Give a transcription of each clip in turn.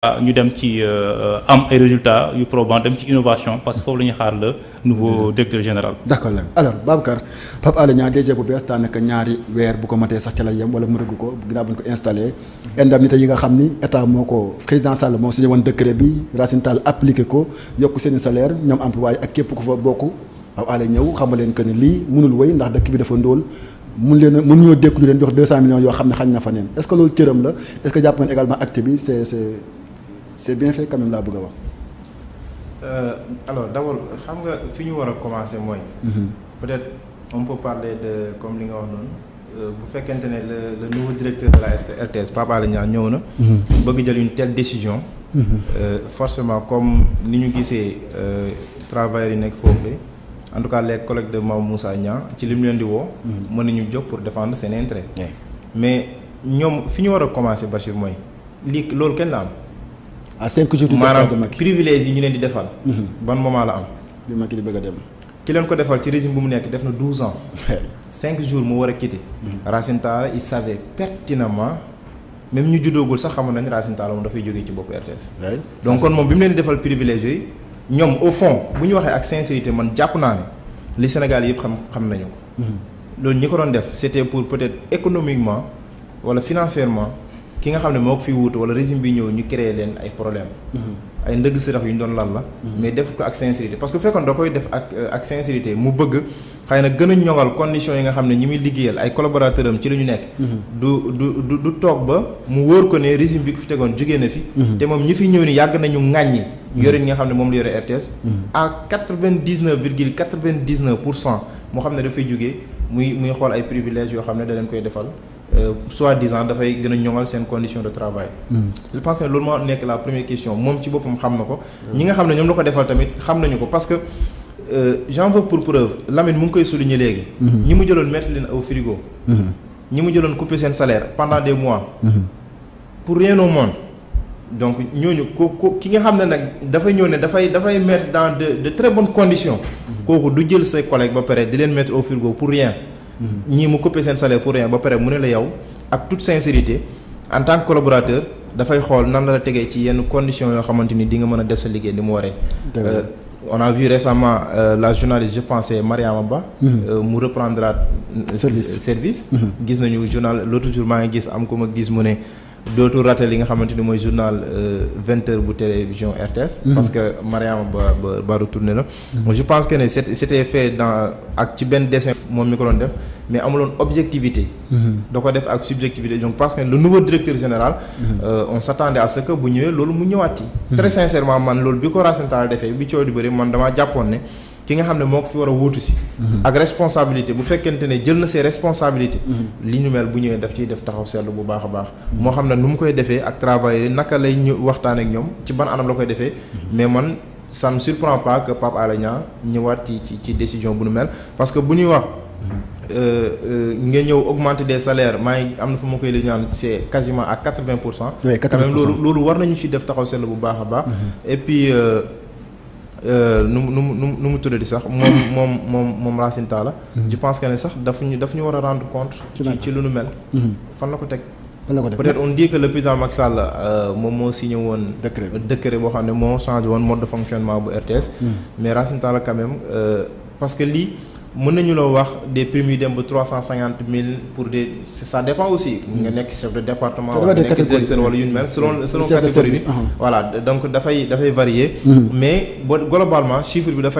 Ah, ñu dem ci euh, am ay résultats yu probants dem ci innovation parce que foofu la ñuy xaar le nouveau directeur général. d'accord alors Babacar Pape Alé Niang DG bu bees daanaka ñaari weer bu ko matee sax ci la yem wala mu ko ginnaaw bu ñu ko installé. Mm-hmm. indemnité yi nga xam ni état moo ko président Sall moo signé woon décret bi Racine Tall ko yokk seen i salaire ñoom employé ak képp ku fa bokk Pape Alé ñëw xamal leen que ni lii mënul wéy ndax dëkk bi a mun ne xañ na fa neen c'est bien fait quand même laa bëgg a wax. Euh, alors d'abord xam nga fi ñu war a commencer mooy. Mhm. peut-être on peut parler de comme li nga wax noonu euh, bu fekkente ne la le nouveau directeur de la RTS Pape Alé Niang ñëw na. Mhm. bëgg jël une telle décision. Mmh. Euh, forcément comme ni ñu gisee euh, travailleurs yi nekk foofu en tout cas les collègues de Mame Moussa Niang ci li mu leen di woo. Mhm. mën nañu jóg pour défendre seen intérêt. mais ñoom fi ñu war a commencer Bachir mooy lii loolu kenn la à cinq jours. maanaam privilège yi ñu leen di defal. Mhm. ban moment la am. bi bëgg a ki leen ko defal ci résime bu mu nekk def na douze ans. cinq jours mu war a quitter. Mhm. Racine Talla il savait pertinemment même ñu juddoogul sax xamoon nañ Racine Talla moom dafay jógee ci bopp RTS. donc kon moom bi mu leen di defal privilège yooyu ñoom au fond bu ñu waxee ak sincérité man jàpp naa ne li Sénégal yëpp xam xam nañu ko. Mhm. loolu ñu ko doon def c'était pour peut-être économiquement wala financièrement. ki nga xam ne moo ko fi wuutu wala régime bi ñëw ñu créé leen ay problème mhm. ay ndëgg sërëx yu ñu doon lan la mhm. mais def ko ak sincérité parce que fekkoon da koy def ak euh, ak sincérité mu bëgg xëy na gën a ñoŋal condition yi nga xam ne ñu muy liggéeyal ay collaborateur am ci la ñu nekk mhm. du du du toog ba mu wóor ko ne régime bi ku fi tegoon jógee na fi te moom ñi fi ñëw ni yàgg nañu ŋàññi yorin nga xam ne moom la yore RTS à quatre-vingt-dix-neuf virgule quatre-vingt-dix-neuf pour cent moo xam ne dafay jógee muy muy xool ay privilèges yoo xam ne da leen koy defal Euh, soi-disant dafay gën a ñoŋal seen condition de travail. Hmm. je pense que loolu moo nekk la première question moom ci boppam xam na ko. Hmm. ñi nga xam ne ñoom la ko defal tamit xam nañu ko parce que euh, j'en veux pour preuve Lamine mu ngi koy souligner léegi. Hmm. ñi mu jëloon mettre leen au frigo. ñi mu jëloon couper seen salaire pendant des mois. pour rien au monde. donc ñooñu ko ko ki nga xam ne nag dafay ñëw ne dafay dafay mettre dans de de très bonnes conditions. kooku du jël say collègues ba pare di leen mettre au pour rien. ñii mu couper seen salaire pour rien ba pare mu ne la yow ak toute sincérité en tant que collaborateur dafay xool nan la la tegee ci yenn conditions yoo xamante ni di nga mën a def sa liggéey ni mu waree. Euh, on a vu récemment euh, la journaliste je pensais Mariama Ba. Mm-hmm. Euh, mu mm -hmm. service mm-hmm. gis nañu journal l'autre jour maa ngi gis am ko ma gis mu ne. dootul raté li nga xamante ni mooy journal euh, vingt heures bu télévision RTS. Mhm. parce que Mariama ba ba ba retourné la. Mhm. je pense que ne c'était fait dans ak ci benn dessin moom mi ko loon def mais amuloon objectivité. Mhm. da ko def ak subjectivité donc parce que le nouveau directeur général. Euh, on s'attendait à ce que bu ñëwee loolu mu ñëwaat yi très sincèrement man loolu bi ko Racine Talla defee bi coow di bëri man damaa jàppoon ne. ki nga xam ne moo ko fi war a wóotu si. Mhm. ak responsabilité bu fekkente ne jël na ses responsabilités. Mhm. li ñu mel bu ñëwee daf ciy def taxaw seetlu bu baax a baax. Mhm. moo xam ne nu mu koy defee ak travailleurs naka lay ñu waxtaan ak ñoom ci ban anam la koy defee. mais man ça me surprend pas que Pape Alé ñëwaat ci ci ci décision bu nu parce que bu ñuy wax. Euh, euh, nga ñëw augmenter des salaires maa ngi am na fu mu koy li ñaan c'est quasiment à quatre-vingt pour cent. oui quatre-vingt pour loolu loolu war nañu ci def taxaw seetlu bu baax a baax. et euh, Euh, nu mu nu mu nu mu tuddati sax moom moom moom moom Racine Talla. Mhm. je pense que ne sax daf ñu daf ñu war a rendre compte. ci ci lu nu mel. Mhm. fan la ko teg. fan la ko teg peut-être on dit que le président Macky Sall euh, moom moo signé woon. décret décret boo xam ne moo changé woon mode de fonctionnement bu RTS. Mhm. mais Racine Talla quand euh, parce que lii. mën nañu la wax des primes yu dem ba trois cent cinquante mille pour des ça dépend aussi. Mm. nga nekk chef de département. wala nekk directeur wala yu mel. selon mm. selon catégorie bi uh-huh. voilà mm. dafay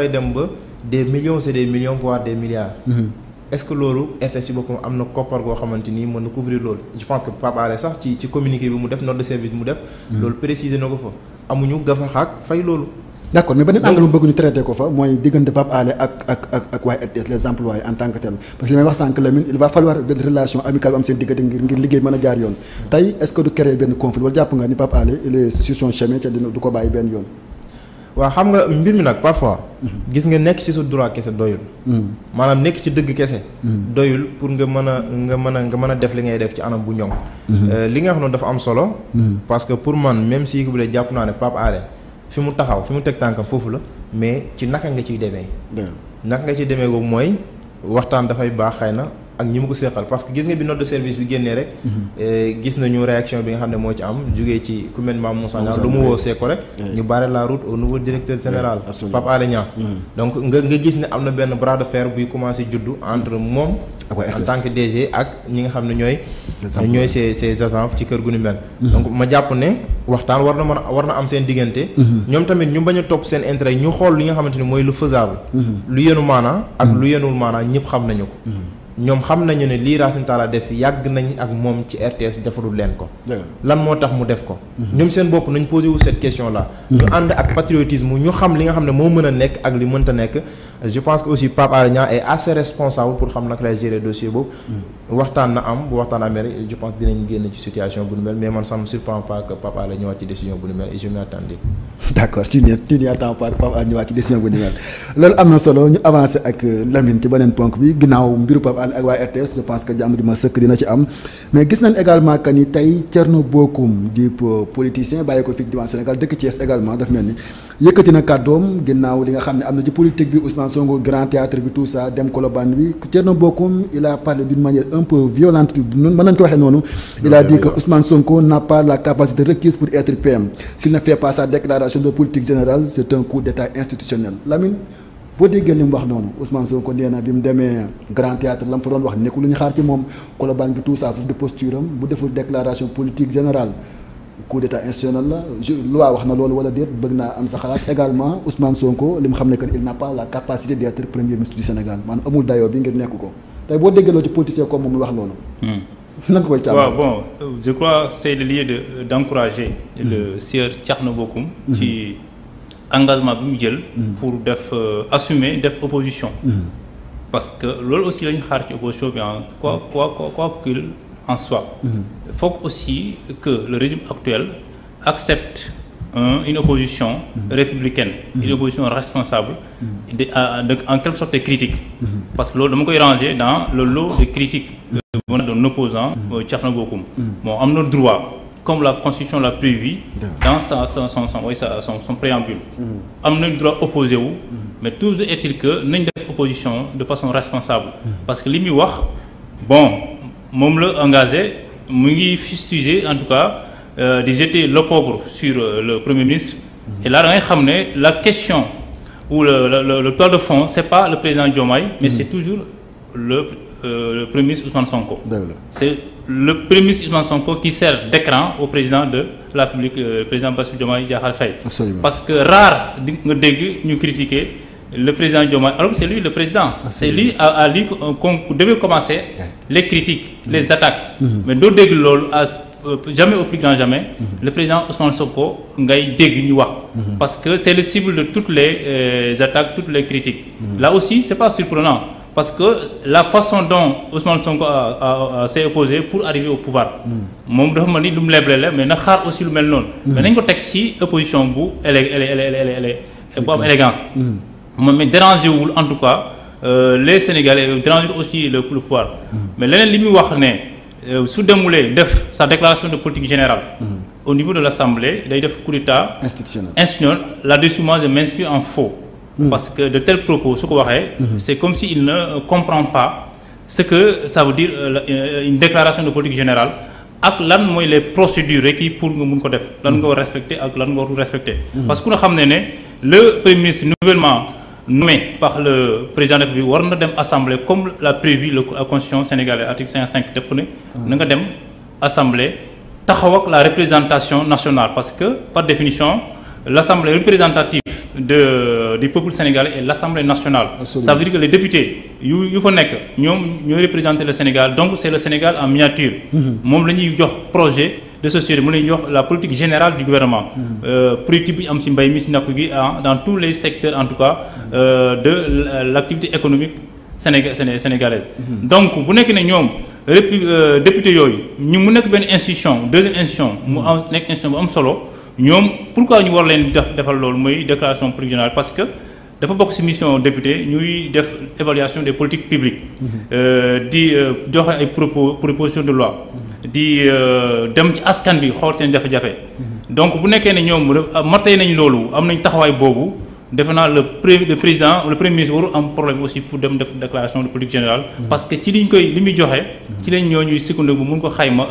dem ba des millions et des millions voire des milliards. Mm-hmm. est loolu RTS ci boppam am na koppar goo xamante ni mën na couvrir loolu je pense que Pape Alé sax ci ci communiqué bi mu def note de service bi mu def. loolu préciser na ko fa amuñu gafaxaak fay loolu. d' accord mais beneen angle bu bëgg ñu traité ko fa mooy diggante Pape Alé ak ak ak ak waa RTS les employés en tant que tel parce que li may wax sànq Lamine il va falloir benn relation amicale bu am seen a jaar yoon tey est ce nag parfois mhm. gis nga nekk ci sa droit kese doyul mhm. maanaam nekk ci dëgg kese mhm. doyul pour nga mën a nga mën a nga mën a def li ngay def ci anam bu ñoŋ euh, li nga xam ne dafa am solo parce que pour man même si dee jàpp naa ne Pape Alé fi mu taxaw fi mu teg tànkam foofu la mais ci naka nga ciy demee. naka nga ci demee boobu mooy waxtaan dafay baax xëy na ak ñi mu ko seqal parce que gis nga bi note de service bi génnee rek. Eh, gis nañu réaction bi nga xam ne moo ci am jugee ci ku mel Mame Moussa Niang lu mu woo Seko rek. Eh. ñu barrer la route au nouveau directeur eh, général. Pape Alé mm. donc nga nga gis ne am na benn bras de fer buy commencé juddu entre moom. en tant que DG ak ñi nga xam ne ñooy. ñooy ses ses agents ci kër gu ni mel. Mm. donc ma jàpp ne waxtaan war na man war na am seen diggante. Mm-hmm. ñoom tamit ñu bañ a topp seen intérêt ñu xool li nga xamante ni mooy lu faisable. Mm-hmm. lu yenu maanaa ak mm-hmm. lu yenul maanaa ñëpp xam nañu ko. ñoom xam nañu ne lii Racine Talla def yàgg nañu ak moom ci RTS defarul leen ko. lan moo tax mu def ko. Mhm. ñoom seen bopp nañ posé wu cette question là. Mhm. ñu ànd ak patriotisme ñu xam li nga xam ne moo mën a nekk ak li mënta nekk. je pense que aussi Pape Alé Niang est assez responsable pour xam naka lay gérer dossier boobu. Mm. waxtaan na am bu waxtaan amee je pense dinañ génn ci situation bu nu mel mais man ça ne me surprend pas que Pape Alé ñëwaat ci décision bu nu mel loolu am na solo ñu avancé ak euh, Lamine ci beneen ponk bi ginnaaw mbiru Pape Alé ak waa RTS je pense que jàmm ji ma sëkk dina ci am mais gis nañ également que ni tey Thierno Bocoum di politicien bàyyi ko fii diwaan Sénégal dëkk Thiès yëkkati na kàddoom ginnaaw li nga xam ne am na ci politique bi Ousmane Sonko grand théâtre bi tout dem Colobane bi Thierno Bocoum il a parlé d'une manière un peu violente noonu mën nañu ko waxee noonu il a dit que Ousmane Sonko n'a pas la capacité requise pour être PM s'il ne fait pas sa déclaration de politique générale c'est un coup d'état institutionnel Lamine boo déggee li mu wax noonu Ousmane Sonko nee na bi mu demee Grand Théâtre la mu fa doon wax nekkul lu moom Colobane bi tout ça foofu de posture am bu deful déclaration coup d'état institutionnel la je loi wax na loolu wala déet bëgg naa am sa xalaat également Ousmane Sonko li mu xam ne que il n'a pas la capacité d'être premier ministre du Sénégal maanaam amul dayoo bi ngir nekk ko tey boo déggaloo ci politicien comme moom wax loolu. Hmm. nan koy càmm waaw bon je crois c'est le lieu de d'encourager hmm. le sieur Thierno Bocoum hmm. ci engagement bi mu jël. pour def euh, assumer def opposition. parce que loolu aussi lañu xaar ci en soi. Il mmh. faut aussi que le régime actuel accepte un, une opposition mmh. républicaine, mmh. une mm-hmm. opposition responsable, mm-hmm. de, à, de, en quelque sorte de critique. Mm-hmm. Parce que l'autre, je ranger dans le lot de critiques d'un opposant, euh, Tchafna Bokoum. Bon, a le droit, comme la Constitution l'a prévu, dans sa, son, son, son, son, préambule. On a le droit opposé où, mais toujours est-il que nous opposition de façon responsable. Parce que ce que moom la engagé mu ngi fustiger en tout cas euh, di jeter l'opprobre sur euh, le premier ministre mm-hmm. et là da xam ne la question ou le le, le, de fond c'est pas le président Diomaye mais mm. c'est toujours le, euh, le premier ministre Ousmane Sonko c'est le premier ministre Ousmane Sonko qui sert d'écran au président de la République euh, président Bassirou Diomaye Diakhar Faye parce que rare di nga dégg ñu critiquer le président Diomaye alors c'est lui le président ah, c'est lui à à lui qu'on devait commencer les critiques mm-hmm. les attaques mm-hmm. mais doo dégg loolu à euh, jamais au plus grand jamais mm-hmm. le président Ousmane Sonko ngay dégg ñu wax parce que c'est le cible de toutes les euh, attaques toutes les critiques là aussi c'est pas surprenant parce que la façon dont son Sonko s'est opposé pour arriver au pouvoir moom dafa ma ni lu mu leble la mais na xaar aussi lu mel noonu mais nañ ko teg ci opposition bu élé élé moom mi dérangé wul en tout cas euh, les Sénégalais dérangé aussi le le pouvoir hmm. mais leneen li muy wax ne euh, su demulee def sa déclaration de politique générale. Hmm. au niveau de l'Assemblée day def coup d'état institutionnel institutionnel là-dessus moi je m'inscris en faux. Hmm. parce que de tels propos su ko waxee. c'est comme si il ne euh, comprend pas ce que ça veut dire une déclaration de politique générale. ak lan mooy les procédures requises pour nga mun ko def. lan nga war respecter ak lan nga warul respecter. parce que ku xam ne ne le premier ministre nommé par le président de République war na dem assemblée comme l'a prévu la constitution sénégalaise article 55 def ne hmm. na nga dem assemblée taxaw ak la représentation nationale parce que par définition l'assemblée représentative de du peuple sénégalais et l'assemblée nationale Absolument. ça que les députés yu yu fa nekk ñoom ñooy représenter le Sénégal donc c'est le Sénégal en miniature hmm. moom la ñuy jox projet de société mu ñu jox la politique générale du gouvernement. Mm. Euh, politique bi am ci mbay mi ci napp gi ah, dans tous les secteurs en tout cas mm. euh, de euh, l'activité économique sénéga sénégalaise. Mm. donc bu nekk ne ñoom répu député yooyu ñu mu nekk benn institution deuxième institution mu am nekk institution bu am solo ñoom pour pourquoi ñu war leen def defal loolu mooy déclaration politique générale parce que. dafa bokk ci mission député ñuy def évaluation des politiques publiques. Mm-hmm. di joxe ay propos proposition de loi. di euh, dem ci askan bi xool seen jafe-jafe. donc bu nekkee ne ñoom ah, matay nañ loolu am nañ taxawaay boobu defe naa le le président le premier ministre warul am problème aussi pour dem def déclaration de politique générale. Mm. parce que ci liñ koy li muy joxe. ci lañ ñoo ñuy sukkandiku bu mun ko xayma.